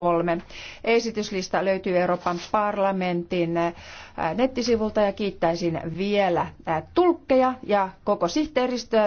kolme. Esityslista löytyy Euroopan parlamentin äh, nettisivulta ja kiittäisin vielä äh, tulkkeja ja koko sihteeristöä.